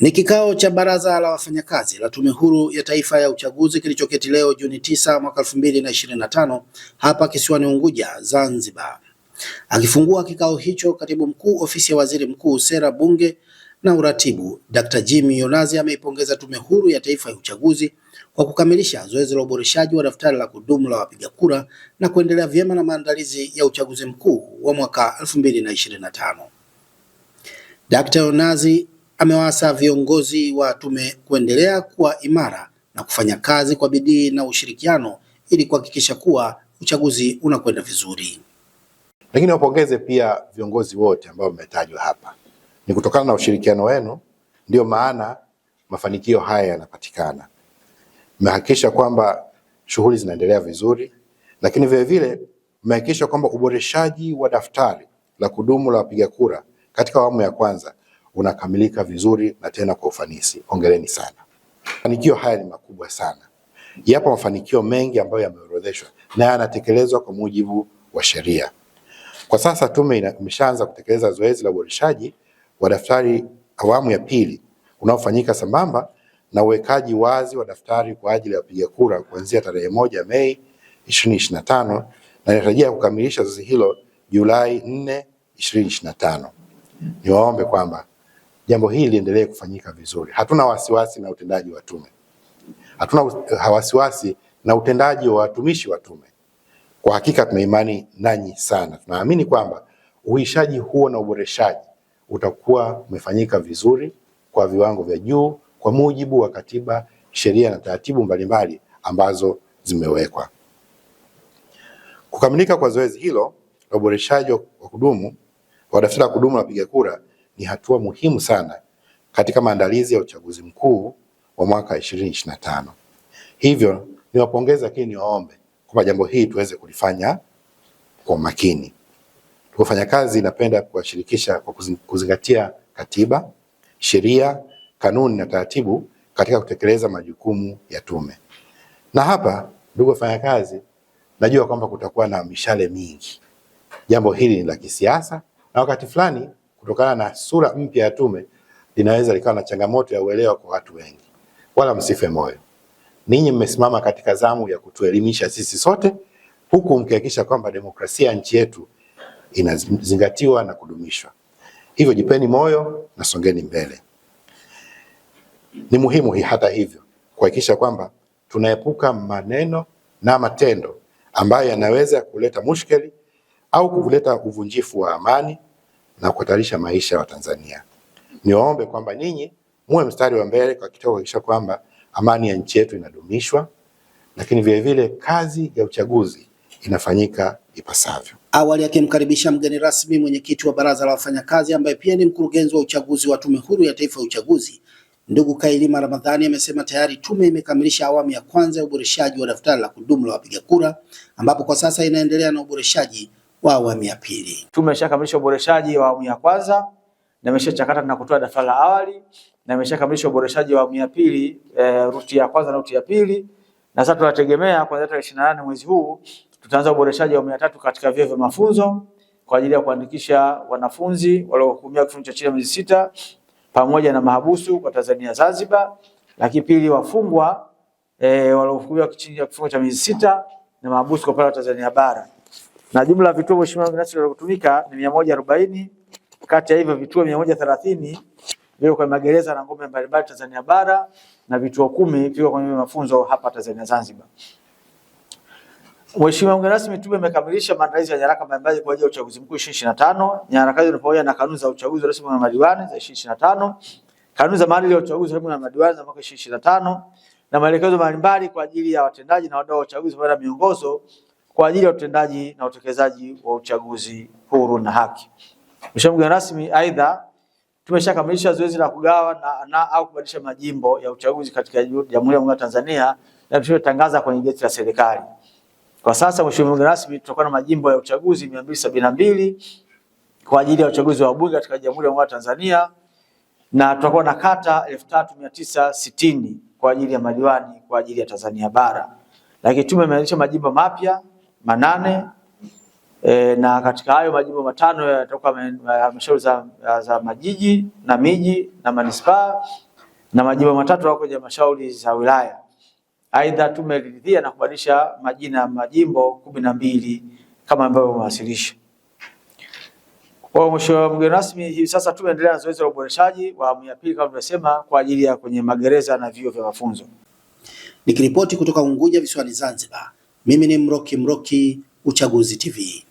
Ni kikao cha baraza la wafanyakazi la Tume Huru ya Taifa ya Uchaguzi kilichoketi leo Juni tisa mwaka elfu mbili na ishirini na tano hapa kisiwani Unguja, Zanzibar. Akifungua kikao hicho, katibu mkuu ofisi ya waziri mkuu sera, bunge na uratibu, Dr. Jimmy Yonazi ameipongeza Tume Huru ya Taifa ya Uchaguzi kwa kukamilisha zoezi la uboreshaji wa daftari la kudumu la wapiga kura na kuendelea vyema na maandalizi ya uchaguzi mkuu wa mwaka elfu mbili na ishirini na tano. Yonazi amewaasa viongozi wa tume kuendelea kuwa imara na kufanya kazi kwa bidii na ushirikiano ili kuhakikisha kuwa uchaguzi unakwenda vizuri. Lakini wapongeze pia viongozi wote ambao wametajwa hapa, ni kutokana na ushirikiano wenu ndiyo maana mafanikio haya yanapatikana. Mmehakikisha kwamba shughuli zinaendelea vizuri, lakini vilevile mmehakikisha kwamba uboreshaji wa daftari la kudumu la wapiga kura katika awamu ya kwanza unakamilika vizuri na tena kwa ufanisi. Hongereni sana. Mafanikio haya ni makubwa sana. Yapo mafanikio mengi ambayo yameorodheshwa na yanatekelezwa kwa mujibu wa sheria. Kwa sasa tume imeshaanza kutekeleza zoezi la uboreshaji wa daftari awamu ya pili unaofanyika sambamba na uwekaji wazi wa daftari kwa ajili ya wapiga kura kuanzia tarehe moja Mei 2025 na inatarajia kukamilisha zoezi hilo Julai 4, 2025. Niwaombe kwamba jambo hili liendelee kufanyika vizuri. Hatuna wasiwasi na utendaji wa tume, hatuna eh, wasiwasi na utendaji wa watumishi wa tume. Kwa hakika tuna imani nanyi sana, tunaamini kwamba uishaji huo na uboreshaji utakuwa umefanyika vizuri kwa viwango vya juu kwa mujibu wa katiba, sheria na taratibu mbalimbali ambazo zimewekwa. Kukamilika kwa zoezi hilo la uboreshaji wa kudumu wa daftari la kudumu la wapiga kura ni hatua muhimu sana katika maandalizi ya uchaguzi mkuu wa mwaka 2025. Hivyo niwapongeze, lakini niwaombe kwamba jambo hili tuweze kulifanya kwa umakini. Kufanya kazi napenda kuwashirikisha kwa kuzingatia katiba, sheria, kanuni na taratibu katika kutekeleza majukumu ya tume. Na hapa, ndugu wafanyakazi, najua kwamba kutakuwa na mishale mingi. Jambo hili ni la kisiasa na wakati fulani kutokana na sura mpya ya tume linaweza likawa na changamoto ya uelewa kwa watu wengi, wala msife moyo. Ninyi mmesimama katika zamu ya kutuelimisha sisi sote, huku mkihakikisha kwamba demokrasia ya nchi yetu inazingatiwa na kudumishwa. Hivyo jipeni moyo na songeni mbele. Ni muhimu hata hivyo kuhakikisha kwamba tunaepuka maneno na matendo ambayo yanaweza kuleta mushkeli au kuleta uvunjifu wa amani na kuhatarisha maisha ya Watanzania. Niwaombe kwamba ninyi muwe mstari wa mbele kwa kitendo kuhakikisha kwamba amani ya nchi yetu inadumishwa, lakini vilevile kazi ya uchaguzi inafanyika ipasavyo. Awali akimkaribisha mgeni rasmi mwenyekiti wa Baraza la Wafanyakazi ambaye pia ni mkurugenzi wa uchaguzi wa Tume Huru ya Taifa ya Uchaguzi, ndugu Kailima Ramadhani amesema tayari tume imekamilisha awamu ya kwanza ya uboreshaji wa daftari la kudumu la wapiga kura, ambapo kwa sasa inaendelea na uboreshaji wa awamu ya pili. Tumeshakamilisha uboreshaji wa awamu ya kwanza na imeshachakata na kutoa daftari la awali na imeshakamilisha uboreshaji wa awamu ya pili e, ruti ya kwanza na ruti ya pili, na sasa tunategemea kuanzia tarehe ishirini na nane mwezi huu tutaanza uboreshaji wa awamu ya tatu katika vyuo vya mafunzo kwa ajili ya kuandikisha wanafunzi waliohukumiwa kifungo cha chini ya miezi sita pamoja na mahabusu kwa Tanzania Zanzibar, lakini pili wafungwa e, waliohukumiwa chini ya kifungo cha miezi sita na mahabusu kwa pale Tanzania bara na jumla ya vituo mheshimiwa vinavyotumika ni mia moja arobaini. Kati ya hivyo vituo mia moja thelathini viko kwa magereza na ngome mbalimbali Tanzania bara na vituo kumi viko kwenye mafunzo hapa Tanzania Zanzibar. Mheshimiwa mgeni rasmi, tume imekamilisha maandalizi ya nyaraka mbalimbali kwa ajili ya uchaguzi mkuu 2025. Nyaraka hizo ni pamoja na kanuni za uchaguzi rasmi na madiwani za 2025, kanuni za maadili ya uchaguzi rasmi na madiwani za mwaka 2025 na maelekezo mbalimbali kwa ajili ya watendaji na wadau wa uchaguzi pamoja na miongozo kwa ajili ya utendaji na utekelezaji wa uchaguzi huru na haki. Mheshimiwa mgeni rasmi, aidha tumeshakamilisha zoezi la kugawa na, na, au kubadilisha majimbo ya uchaguzi katika Jamhuri ya Muungano wa Tanzania na tumetangaza kwenye gazeti la serikali. Kwa sasa Mheshimiwa mgeni rasmi, tutakuwa na majimbo ya uchaguzi 272 kwa ajili ya uchaguzi wa bunge katika Jamhuri ya Muungano wa Tanzania na tutakuwa na kata 3960 kwa ajili ya madiwani kwa ajili ya Tanzania bara. Lakini tume majimbo mapya manane e, na katika hayo majimbo matano yatoka halmashauri ya za, za majiji na miji na manispaa na majimbo matatu yako kwenye halmashauri za wilaya. Aidha, tume na kubadilisha majina ya majimbo kumi na mbili kama ambavyo umewasilisha. Kwa mwisho, mgeni rasmi, hivi sasa tumeendelea na zoezi la uboreshaji wa awamu ya pili kama tulivyosema, kwa ajili ya kwenye magereza na vyuo vya mafunzo. Nikiripoti kutoka Unguja visiwani Zanzibar, mimi ni Mroki Mroki, Uchaguzi TV.